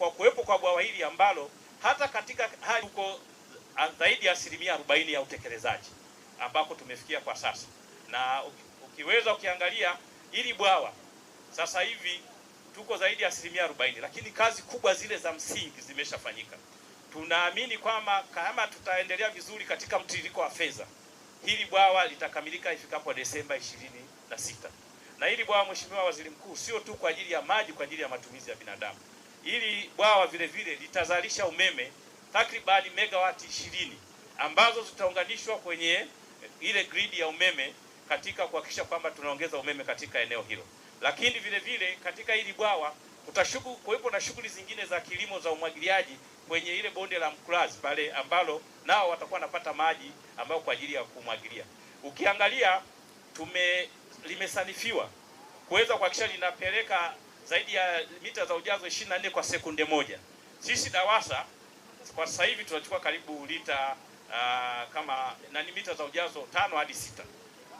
kwa kuwepo kwa bwawa hili ambalo hata katika hali huko ah, zaidi ya asilimia arobaini ya utekelezaji ambako tumefikia kwa sasa, na ukiweza ukiangalia hili bwawa sasa hivi tuko zaidi ya asilimia arobaini, lakini kazi kubwa zile za msingi zimeshafanyika. Tunaamini kwamba kama tutaendelea vizuri katika mtiririko wa fedha, hili bwawa litakamilika ifikapo Desemba ishirini na sita. Na hili bwawa, Mheshimiwa Waziri Mkuu, sio tu kwa ajili ya maji, kwa ajili ya matumizi ya binadamu. Hili bwawa vile vile litazalisha umeme takribani megawati ishirini ambazo zitaunganishwa kwenye ile gridi ya umeme katika kuhakikisha kwamba tunaongeza umeme katika eneo hilo. Lakini vile vile katika hili bwawa kutashuku kuwepo na shughuli zingine za kilimo za umwagiliaji kwenye ile bonde la Mkulazi pale ambalo nao watakuwa wanapata maji ambayo kwa ajili ya kumwagilia. Ukiangalia tume limesanifiwa kuweza kuhakikisha linapeleka zaidi ya mita za ujazo 24 kwa sekunde moja. Sisi DAWASA kwa sasa hivi tunachukua karibu lita uh, kama nani mita za ujazo tano hadi sita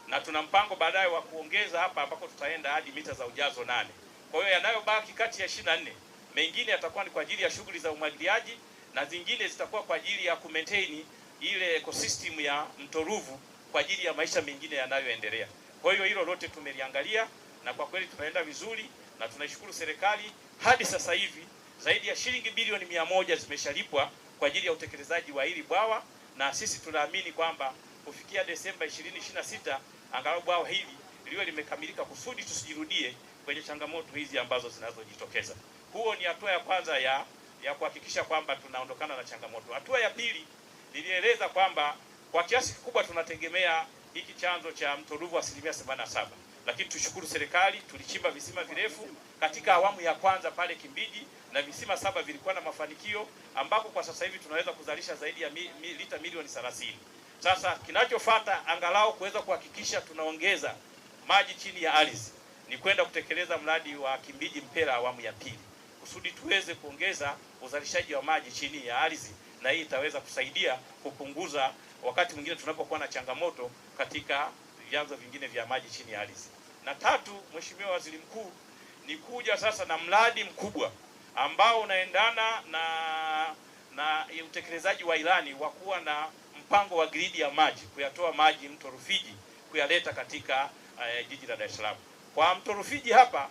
na tuna mpango baadaye wa kuongeza hapa ambako tutaenda hadi mita za ujazo nane. Kwa hiyo yanayobaki kati ya 24 mengine yatakuwa ni kwa ajili ya shughuli za umwagiliaji na zingine zitakuwa kwa ajili ya kumaintain ile ecosystem ya mto Ruvu kwa ajili ya maisha mengine yanayoendelea. Kwa hiyo hilo lote tumeliangalia na kwa kweli tunaenda vizuri na tunaishukuru serikali, hadi sasa hivi zaidi ya shilingi bilioni mia moja zimeshalipwa kwa ajili ya utekelezaji wa hili bwawa, na sisi tunaamini kwamba kufikia Desemba 2026 angalau bwawa hili liwe limekamilika kusudi tusijirudie kwenye changamoto hizi ambazo zinazojitokeza. Huo ni hatua ya kwanza ya ya kuhakikisha kwamba tunaondokana na changamoto. Hatua ya pili, nilieleza kwamba kwa kiasi kikubwa tunategemea hiki chanzo cha mto Ruvu asilimia 77 lakini tushukuru serikali, tulichimba visima virefu katika awamu ya kwanza pale Kimbiji na visima saba vilikuwa na mafanikio, ambapo kwa sasa hivi tunaweza kuzalisha zaidi ya mi, mi, lita milioni 30. Sasa kinachofuata angalau kuweza kuhakikisha tunaongeza maji chini ya ardhi ni kwenda kutekeleza mradi wa Kimbiji Mpera awamu ya pili kusudi tuweze kuongeza uzalishaji wa maji chini ya ardhi, na hii itaweza kusaidia kupunguza wakati mwingine tunapokuwa na changamoto katika vyanzo vingine vya maji chini ya ardhi. Na tatu, Mheshimiwa Waziri Mkuu, ni kuja sasa na mradi mkubwa ambao unaendana na na utekelezaji wa ilani wa kuwa na mpango wa gridi ya maji kuyatoa maji mto Rufiji kuyaleta katika uh, jiji la Dar es Salaam. Kwa mto Rufiji hapa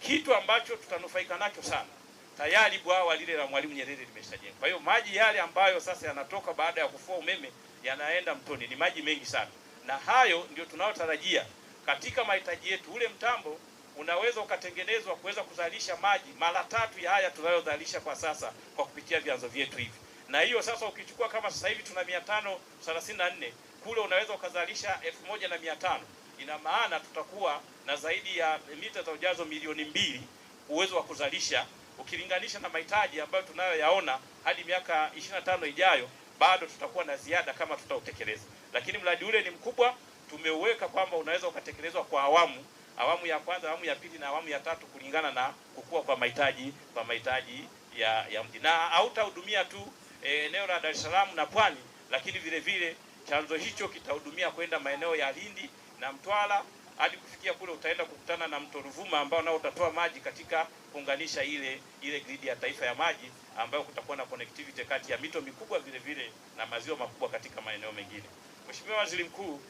kitu ambacho tutanufaika nacho sana, tayari bwawa lile la Mwalimu Nyerere limeshajengwa. Kwa hiyo maji yale ambayo sasa yanatoka baada ya kufua umeme yanaenda mtoni ni maji mengi sana na hayo ndio tunayotarajia katika mahitaji yetu. Ule mtambo unaweza ukatengenezwa kuweza kuzalisha maji mara tatu ya haya tunayozalisha kwa sasa kwa kupitia vyanzo vyetu hivi, na hiyo sasa ukichukua kama sasa hivi tuna mia tano thelathini na nne kule unaweza ukazalisha elfu moja na mia tano ina maana tutakuwa na zaidi ya lita za ujazo milioni mbili uwezo wa kuzalisha ukilinganisha na mahitaji ambayo tunayoyaona hadi miaka 25 ijayo, bado tutakuwa na ziada kama tutautekeleza lakini mradi ule ni mkubwa, tumeuweka kwamba unaweza ukatekelezwa kwa awamu, awamu ya kwanza, awamu ya pili na awamu ya tatu, kulingana na kukua kwa mahitaji kwa mahitaji ya, ya mji, na hautahudumia tu e, eneo la Dar es Salaam na Pwani, lakini vile vile chanzo hicho kitahudumia kwenda maeneo ya Lindi na Mtwara hadi kufikia kule utaenda kukutana na mto Ruvuma ambao nao utatoa maji katika kuunganisha ile ile gridi ya taifa ya maji ambayo kutakuwa na connectivity kati ya mito mikubwa vile vile na maziwa makubwa katika maeneo mengine. Mheshimiwa Waziri Mkuu,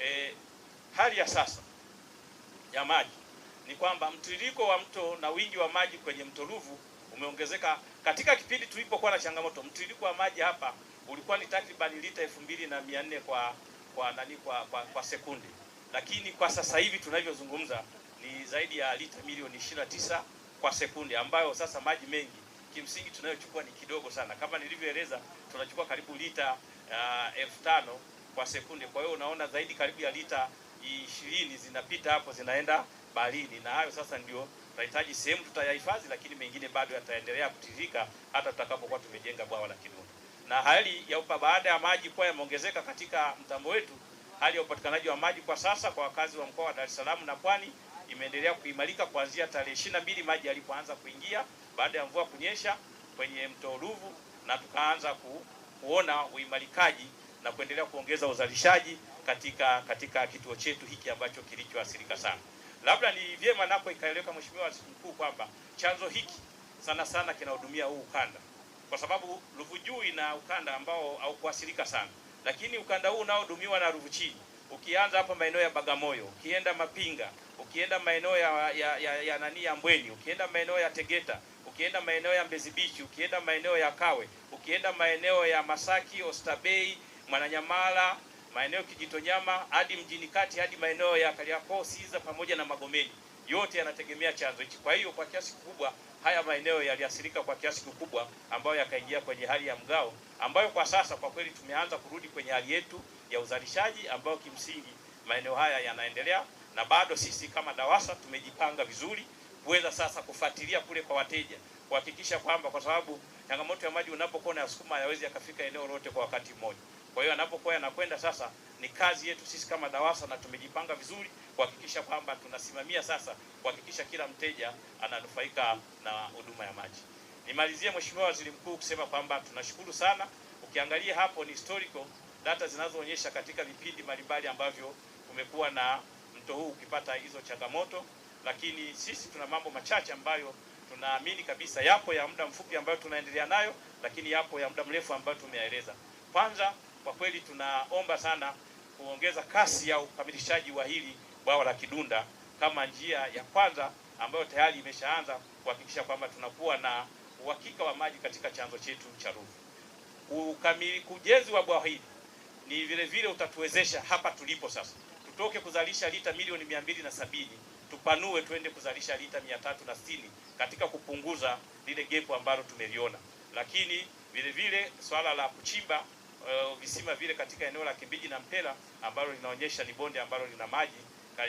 eh, hali ya sasa ya maji ni kwamba mtiririko wa mto na wingi wa maji kwenye mto Ruvu umeongezeka. Katika kipindi tulipokuwa na changamoto, mtiririko wa maji hapa ulikuwa ni takriban lita elfu mbili na mia nne kwa kwa nani kwa, kwa, kwa sekunde, lakini kwa sasa hivi tunavyozungumza ni zaidi ya lita milioni 29 kwa sekunde, ambayo sasa maji mengi kimsingi tunayochukua ni kidogo sana. Kama nilivyoeleza, tunachukua karibu lita uh, elfu tano uh, kwa sekunde. Kwa hiyo unaona zaidi karibu ya lita ishirini zinapita hapo zinaenda baharini, na hayo sasa ndio tunahitaji sehemu tutayahifadhi, lakini mengine bado yataendelea kutiririka hata tutakapokuwa tumejenga bwawa la Kinondoni. Na hali ya upa baada ya maji kuwa yameongezeka katika mtambo wetu, hali ya upatikanaji wa maji kwa sasa kwa wakazi wa mkoa wa Dar es Salaam na Pwani imeendelea kuimarika kuanzia tarehe ishirini na mbili maji yalipoanza kuingia baada ya mvua kunyesha kwenye mto Ruvu na tukaanza ku, kuona uimarikaji na kuendelea kuongeza uzalishaji katika katika kituo chetu hiki ambacho kilichoathirika sana. Labda ni vyema napo ikaeleweka, Mheshimiwa Waziri Mkuu, kwamba chanzo hiki sana sana kinahudumia huu ukanda, kwa sababu Ruvu Juu ina ukanda ambao haukuathirika sana, lakini ukanda huu unaohudumiwa na Ruvu Chini, ukianza hapa maeneo ya Bagamoyo, ukienda Mapinga, ukienda maeneo ya ya, ya, ya nani ya Mbweni, ukienda maeneo ya Tegeta, ukienda maeneo ya Mbezi Beach, ukienda maeneo ya Kawe, ukienda maeneo ya Masaki, Oysterbay Mwananyamala, maeneo Kijitonyama hadi mjini kati hadi maeneo ya Kariakoo, Siza pamoja na Magomeni, yote yanategemea chanzo hichi. Kwa hiyo kwa kiasi kikubwa haya maeneo yaliathirika kwa kiasi kikubwa, ambayo yakaingia kwenye hali ya mgao, ambayo kwa sasa kwa kweli tumeanza kurudi kwenye hali yetu ya uzalishaji, ambayo kimsingi maeneo haya yanaendelea, na bado sisi kama DAWASA tumejipanga vizuri kuweza sasa kufuatilia kule kwa wateja kuhakikisha kwamba, kwa sababu changamoto ya maji unapokuwa sukuma hayawezi yakafika eneo lote kwa wakati mmoja. Kwa hiyo anapokuwa yanakwenda sasa, ni kazi yetu sisi kama DAWASA na tumejipanga vizuri kuhakikisha kwamba tunasimamia sasa kuhakikisha kila mteja ananufaika na huduma ya maji. Nimalizie Mheshimiwa Waziri Mkuu kusema kwamba tunashukuru sana. Ukiangalia hapo ni historical data zinazoonyesha katika vipindi mbalimbali ambavyo kumekuwa na mto huu ukipata hizo changamoto, lakini sisi tuna mambo machache ambayo tunaamini kabisa yapo ya muda mfupi ambayo tunaendelea nayo, lakini yapo ya muda mrefu ambayo tumeyaeleza. Kwanza kwa kweli tunaomba sana kuongeza kasi ya ukamilishaji wa hili bwawa la Kidunda kama njia ya kwanza ambayo tayari imeshaanza kuhakikisha kwamba tunakuwa na uhakika wa maji katika chanzo chetu cha Ruvu. Ujenzi wa bwawa hili ni vile vile utatuwezesha hapa tulipo sasa, tutoke kuzalisha lita milioni mia mbili na sabini tupanue tuende kuzalisha lita mia tatu na sitini katika kupunguza lile gepo ambalo tumeliona, lakini vile vile swala la kuchimba uh, visima vile katika eneo la Kimbiji na Mpela ambalo linaonyesha ni bonde ambalo lina maji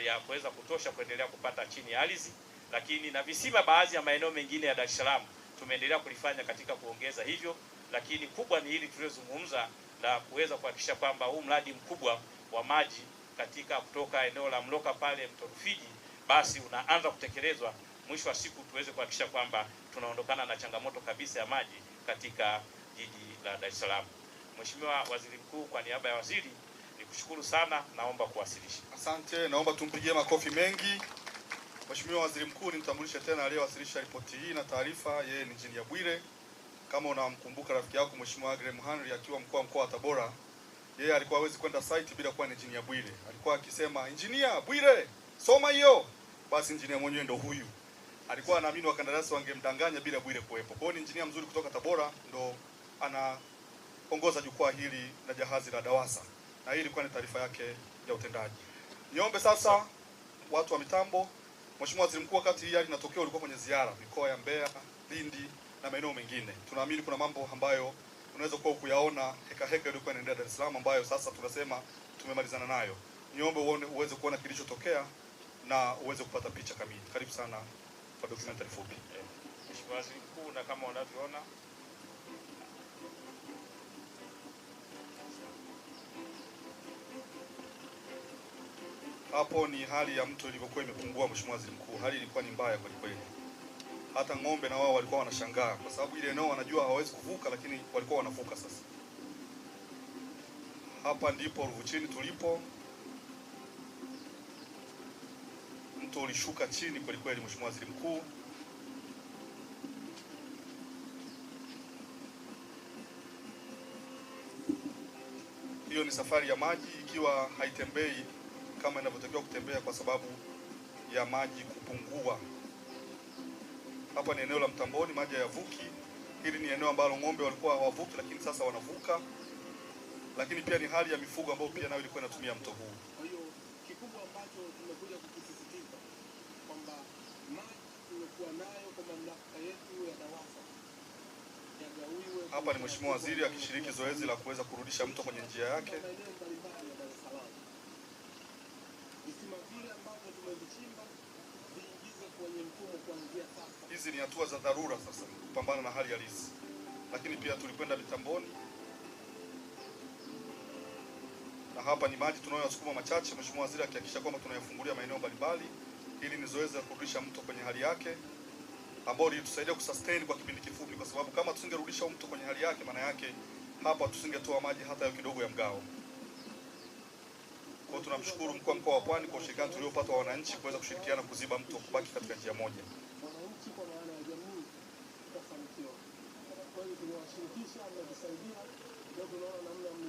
ya kuweza kutosha kuendelea kupata chini ya ardhi, lakini na visima baadhi ya maeneo mengine ya Dar es Salaam tumeendelea kulifanya katika kuongeza hivyo, lakini kubwa ni hili tuliyozungumza la kuweza kuhakikisha kwamba huu mradi mkubwa wa maji katika kutoka eneo la Mloka pale Mto Rufiji basi unaanza kutekelezwa, mwisho wa siku tuweze kuhakikisha kwamba tunaondokana na changamoto kabisa ya maji katika jiji la Dar es Salaam. Mheshimiwa Waziri Mkuu, kwa niaba ya waziri nikushukuru sana, naomba kuwasilisha. Asante, naomba tumpigie makofi mengi Mheshimiwa Waziri Mkuu. Nimtambulishe tena aliyewasilisha ripoti hii na taarifa, yeye ni Injinia Bwire. Kama unamkumbuka rafiki yako Mheshimiwa Graham Henry akiwa mkuu wa mkoa wa Tabora, yeye alikuwa hawezi kwenda site bila kuwa na Injinia Bwire. Alikuwa akisema Injinia Bwire, soma hiyo. Basi injinia mwenyewe ndo huyu. Alikuwa anaamini wakandarasi wangemdanganya bila Bwire kuwepo. Kwa hiyo ni injinia mzuri kutoka Tabora ndo ana kuongoza jukwaa hili na jahazi la DAWASA, na hii ilikuwa ni taarifa yake ya utendaji. Niombe sasa watu wa mitambo. Mheshimiwa Waziri Mkuu, wakati hii hali inatokea ulikuwa kwenye ziara mikoa ya Mbeya, Lindi na maeneo mengine. Tunaamini kuna mambo ambayo unaweza kuwa ukuyaona heka heka ilikuwa inaendelea Dar es Salaam ambayo sasa tunasema tumemalizana nayo. Niombe uone uweze kuona kilichotokea na uweze kupata picha kamili. Karibu sana kwa documentary fupi. Eh, Mheshimiwa Waziri Mkuu, na kama unavyoona hapo ni hali ya mto ilivyokuwa imepungua. Mheshimiwa Waziri Mkuu, hali ilikuwa ni mbaya kwa kweli, hata ng'ombe na wao walikuwa wanashangaa kwa sababu ile eneo wanajua hawawezi kuvuka, lakini walikuwa wanavuka. Sasa hapa ndipo Ruvu chini tulipo, mto ulishuka chini kweli kweli, Mheshimiwa Waziri Mkuu. Hiyo ni safari ya maji ikiwa haitembei kama inavyotakiwa kutembea kwa sababu ya maji kupungua. Hapa ni eneo la Mtamboni, maji hayavuki. Hili ni eneo ambalo ng'ombe walikuwa hawavuki, lakini sasa wanavuka. Lakini pia ni hali ya mifugo ambayo pia nayo ilikuwa inatumia mto huu. Kwa hiyo kikubwa ambacho tumekuja kukisisitiza kwamba maji tunayokuwa nayo kwa mamlaka yetu ya DAWASA hapa ni Mheshimiwa Waziri akishiriki zoezi la kuweza kurudisha mto kwenye njia yake. hizi ni hatua za dharura sasa kupambana na hali halisi, lakini pia tulikwenda mitamboni na hapa ni maji tunayoyasukuma machache, Mheshimiwa Waziri akihakikisha kwamba tunayafungulia maeneo mbalimbali. ili ni zoezi la kurudisha mto kwenye hali yake ambao lilitusaidia kusustain kwa kipindi kifupi, kwa sababu kama tusingerudisha mto kwenye hali yake, maana yake hapa tusingetoa maji hata yo kidogo ya mgao. Kwa hiyo tunamshukuru mkuu wa mkoa wa Pwani kwa ushirikiano tuliopata wa wananchi kuweza kushirikiana kuziba mto kubaki katika njia moja.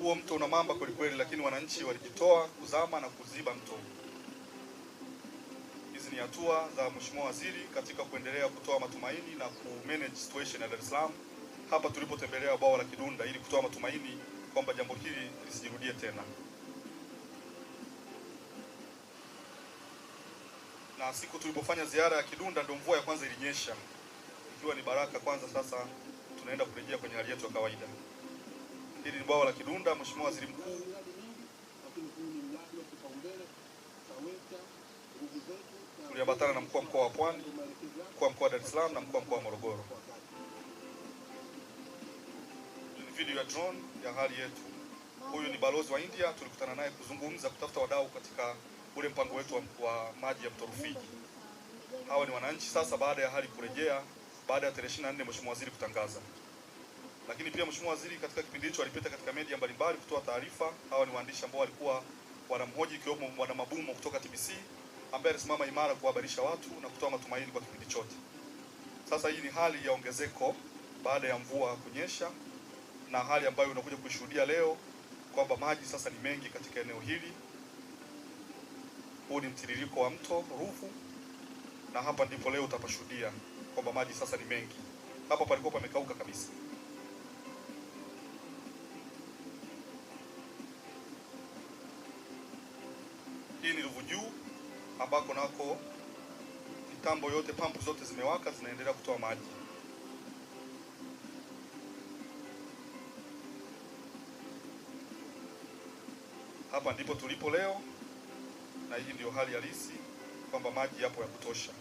huo mto una mamba kwelikweli, lakini wananchi walijitoa kuzama na kuziba mto. Hizi ni hatua za Mheshimiwa Waziri katika kuendelea kutoa matumaini na manage situation ya Dar es Salaam hapa tulipotembelea bwawa la Kidunda ili kutoa matumaini kwamba jambo hili lisijirudie tena. Na siku tulipofanya ziara ya Kidunda ndio mvua ya kwanza ilinyesha, ikiwa ni baraka kwanza. Sasa tunaenda kurejea kwenye hali yetu ya kawaida. Hili ni bwawa la Kidunda. Mheshimiwa Waziri Mkuu, tuliambatana na mkuu wa mkoa wa Pwani, mkuu wa mkoa wa Dar es Salaam na mkuu wa mkoa wa Morogoro. Ni video ya drone ya hali yetu. Huyu ni balozi wa India, tulikutana naye kuzungumza, kutafuta wadau katika ule mpango wetu wa maji ya mto Rufiji. Hawa ni wananchi. Sasa baada ya hali kurejea, baada ya tarehe 24 Mheshimiwa Waziri kutangaza lakini pia Mheshimiwa Waziri katika kipindi hicho alipita katika media mbalimbali kutoa taarifa. Hawa ni waandishi ambao walikuwa wanamhoji, ikiwemo Bwana Mabumo kutoka TBC ambaye alisimama imara kuhabarisha watu na kutoa matumaini kwa kipindi chote. Sasa hii ni hali ya ongezeko baada ya mvua kunyesha na hali ambayo unakuja kushuhudia leo kwamba maji sasa ni mengi katika eneo hili. Huu ni mtiririko wa mto Ruvu, na hapa ndipo leo utapashuhudia kwamba maji sasa ni mengi. Hapa palikuwa pamekauka kabisa. ambako nako mitambo yote, pampu zote zimewaka, zinaendelea kutoa maji. Hapa ndipo tulipo leo, na hii ndio hali halisi kwamba maji yapo ya kutosha.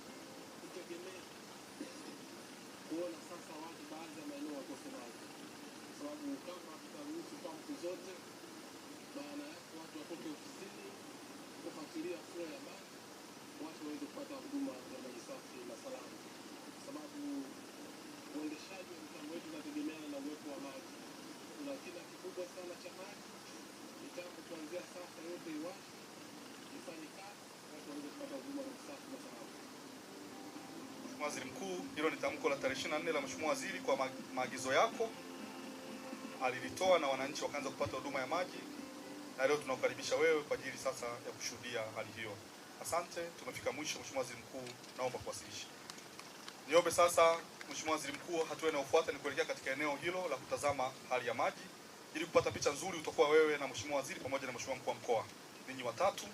kufuatilia ya maji watu waweze kupata huduma ya maji safi na salama, kwa sababu uendeshaji wa unategemeana na uwepo wa maji. Kuna kina kikubwa sana cha maji. Mitambo kuanzia sasa yote iwashe, ifanye kazi, watu waweze kupata huduma ya maji safi na salama. Mheshimiwa Waziri Mkuu, hilo ni tamko la tarehe 24 la Mheshimiwa Waziri kwa maagizo yako alilitoa na wananchi wakaanza kupata huduma ya maji, na leo tunakukaribisha wewe kwa ajili sasa ya kushuhudia hali hiyo. Asante, tumefika mwisho. Mheshimiwa Waziri Mkuu, naomba kuwasilisha. Niombe sasa Mheshimiwa Waziri Mkuu, hatua inayofuata ni kuelekea katika eneo hilo la kutazama hali ya maji ili kupata picha nzuri. Utakuwa wewe na Mheshimiwa Waziri pamoja na Mheshimiwa Mkuu wa Mkoa, ninyi watatu.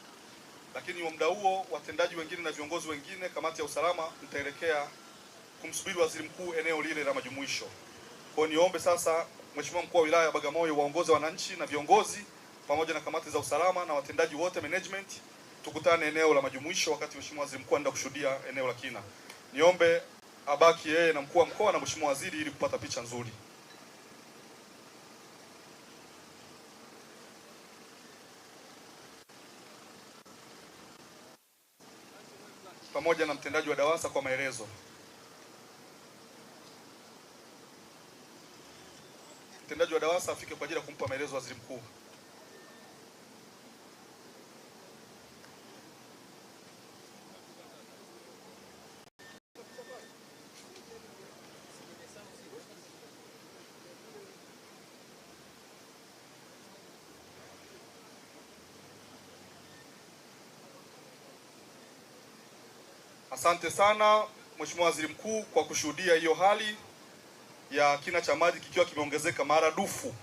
Lakini wa muda huo, watendaji wengine na viongozi wengine, kamati ya usalama, mtaelekea kumsubiri Waziri Mkuu eneo lile la majumuisho. Kwa niombe sasa Mheshimiwa Mkuu wa Wilaya ya Bagamoyo waongoze wananchi na viongozi pamoja na kamati za usalama na watendaji wote management tukutane eneo la majumuisho wakati mheshimiwa waziri mkuu anaenda kushuhudia eneo la kina. Niombe abaki yeye na mkuu wa mkoa na mheshimiwa waziri ili kupata picha nzuri. pamoja na mtendaji wa DAWASA kwa maelezo. Mtendaji wa DAWASA afike kwa ajili ya kumpa maelezo waziri mkuu. Asante sana Mheshimiwa Waziri Mkuu kwa kushuhudia hiyo hali ya kina cha maji kikiwa kimeongezeka maradufu,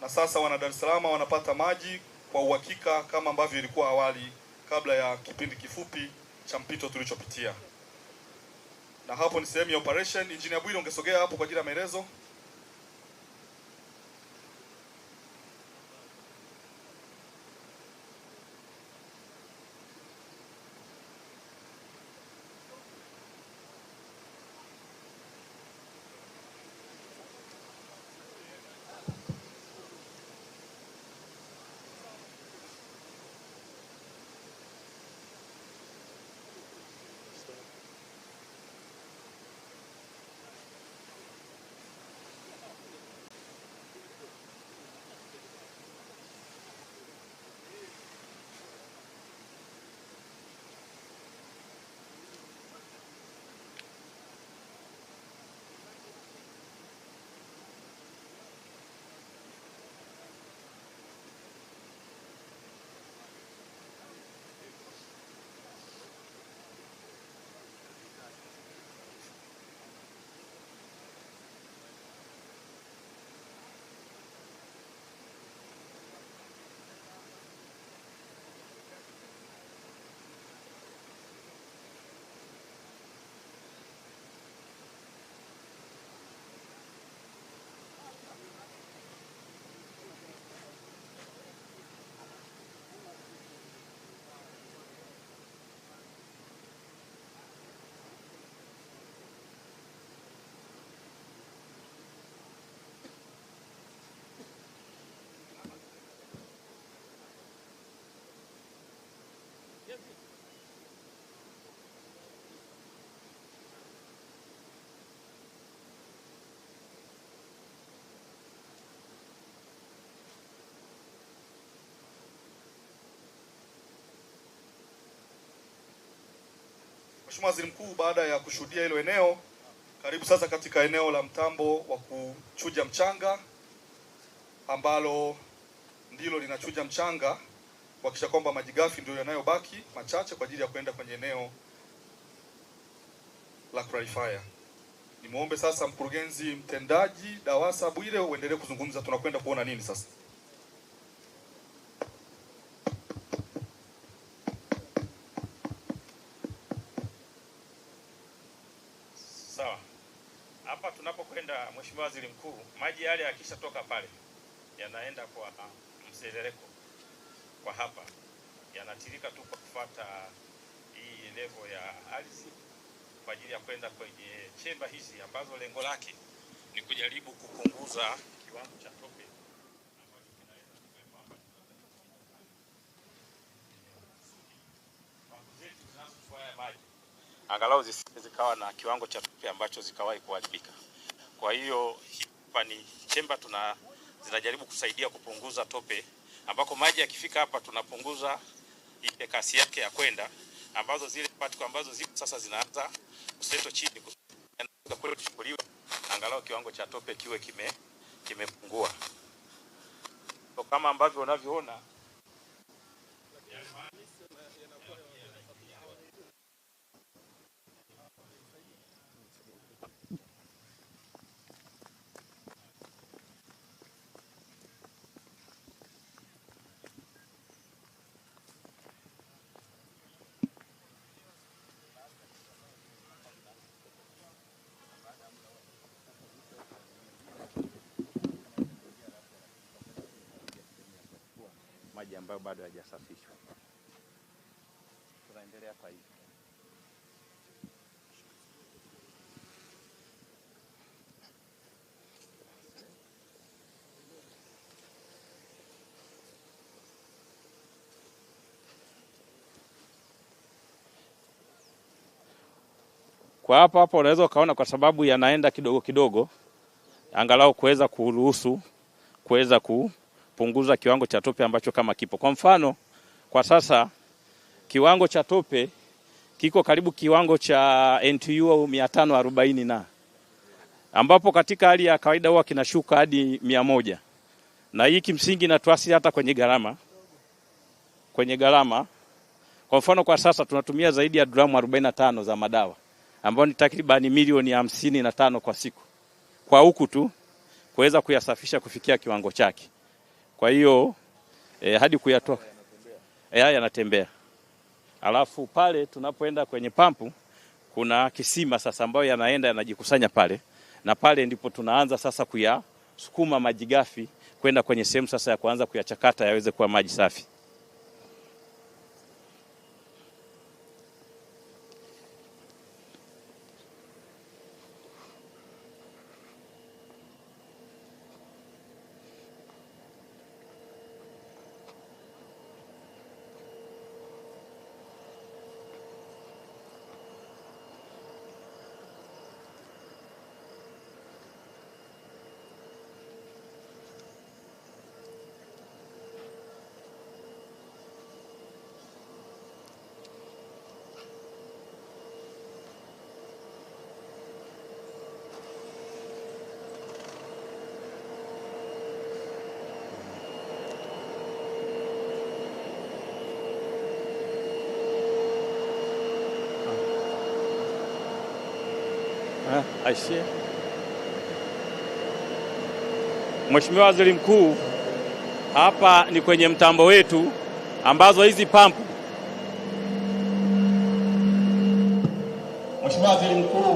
na sasa wana Dar es Salaam wanapata maji kwa uhakika kama ambavyo ilikuwa awali kabla ya kipindi kifupi cha mpito tulichopitia. Na hapo ni sehemu ya operation. Engineer Bwire, ungesogea hapo kwa ajili ya maelezo. Mheshimiwa Waziri Mkuu, baada ya kushuhudia hilo eneo, karibu sasa katika eneo la mtambo wa kuchuja mchanga ambalo ndilo linachuja mchanga kuhakikisha kwamba maji ghafi ndio yanayobaki machache kwa ajili ya kwenda kwenye eneo la clarifier. Nimwombe sasa mkurugenzi mtendaji DAWASA Bwire uendelee kuzungumza, tunakwenda kuona nini sasa. Mheshimiwa Waziri Mkuu, maji yale yakishatoka pale yanaenda kwa mserereko kwa hapa, yanatirika tu kwa kufuata hii elevo ya ardhi kwa ajili ya kwenda kwenye chemba hizi ambazo lengo lake ni kujaribu kupunguza kiwango cha tope. Angalau zikawa na kiwango cha tope ambacho zikawahi kuharibika. Kwa hiyo hapa ni chemba tuna zinajaribu kusaidia kupunguza tope, ambako maji yakifika hapa tunapunguza ile kasi yake ya kwenda, ambazo zile patiko ambazo ziko sasa zinaanza kuseto chini kuchukuliwa, angalau kiwango cha tope kiwe kime kimepungua kama ambavyo unavyoona maji ambayo bado hayajasafishwa. Tunaendelea kwa hivyo. Kwa hapa hapa unaweza ukaona kwa sababu yanaenda kidogo kidogo, angalau kuweza kuruhusu kuweza ku kupunguza kiwango cha tope ambacho kama kipo. Kwa mfano, kwa sasa kiwango cha tope kiko karibu kiwango cha NTU au 540 na ambapo katika hali ya kawaida huwa kinashuka hadi moja na hii kimsingi natuasi hata kwenye gharama kwenye gharama. Kwa mfano kwa sasa tunatumia zaidi ya gramu 45 za madawa ambayo ni takribani milioni hamsini na tano kwa siku kwa huku tu kuweza kuyasafisha kufikia kiwango chake. Kwa hiyo eh, hadi kuyatoa eh, haya yanatembea, alafu pale tunapoenda kwenye pampu kuna kisima sasa ambayo yanaenda yanajikusanya pale, na pale ndipo tunaanza sasa kuyasukuma maji ghafi kwenda kwenye sehemu sasa ya kuanza kuyachakata yaweze kuwa maji safi. Aishie. Mheshimiwa Waziri Mkuu, hapa ni kwenye mtambo wetu ambazo hizi pampu. Mheshimiwa Waziri Mkuu